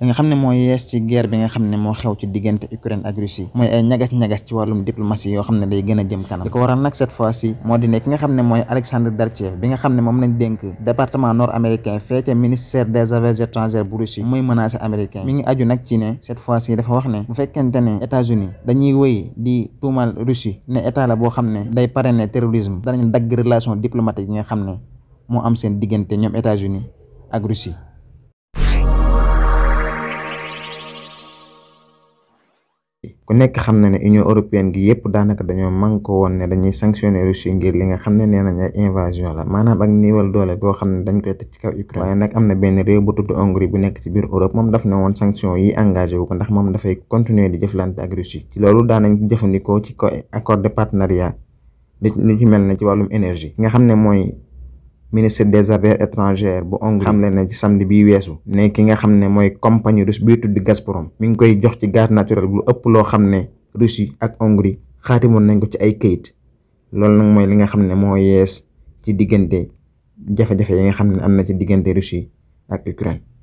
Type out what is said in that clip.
li nga xam ne moo yees ci bi nga xam ne moo xew ci diggante Ukraine ak Russie mooy ay ñagas-ñagas ci wàllum diplomatie yoo xam ne day gën a jëm kanam li ko waral nag ne ki nga xam ne mooy Alexandre Darchev bi nga xam ne moom lañ dénk département nord américain fee ca ministère des affaires étrangères bu Russie muy menacé américain mi ngi aju nag ci ne cette fois ci dafa wax ne bu fekkente ne États-Unis dañuy wéy di tuumal Russie ne boo xam ne day parrainé terrorisme danañ dagg relation diplomatique yi nga xam ne moo am seen diggante ñoom États-Unis ak Russie ku nekk xam na ne Union européenne gi yëpp daanaka dañoo manko woon ne dañuy sanctionné Russie ngir li nga xam ne nee nañ ay invasion la maanaam ak néewal doole goo xam ne dañ koy teg ci kaw na benn réew bu tudd bu nekk ci biir Europe moom daf ne woon sanction yi engagé wu ko ndax moom dafay continuer di jëflante ak Russie ci loolu daanañ jëfandikoo ci accord de partenariat lu ci mel ne ci wàllum énergie nga xam ne mooy ministre des affaires étrangères bu Hongrie xam le ci samedi bi weesu ne ki nga xam ne mooy compagnie russe bii tudd Gazprom mi ngi koy jox ci gaz naturel bu ëpp loo xam ne Russie ak Hongrie xaatimoon nañ ko ci ay kayit loolu nag mooy li nga xam ne moo yees ci diggante jafe-jafe yi nga xam ne am na ci diggante Russie ak Ukraine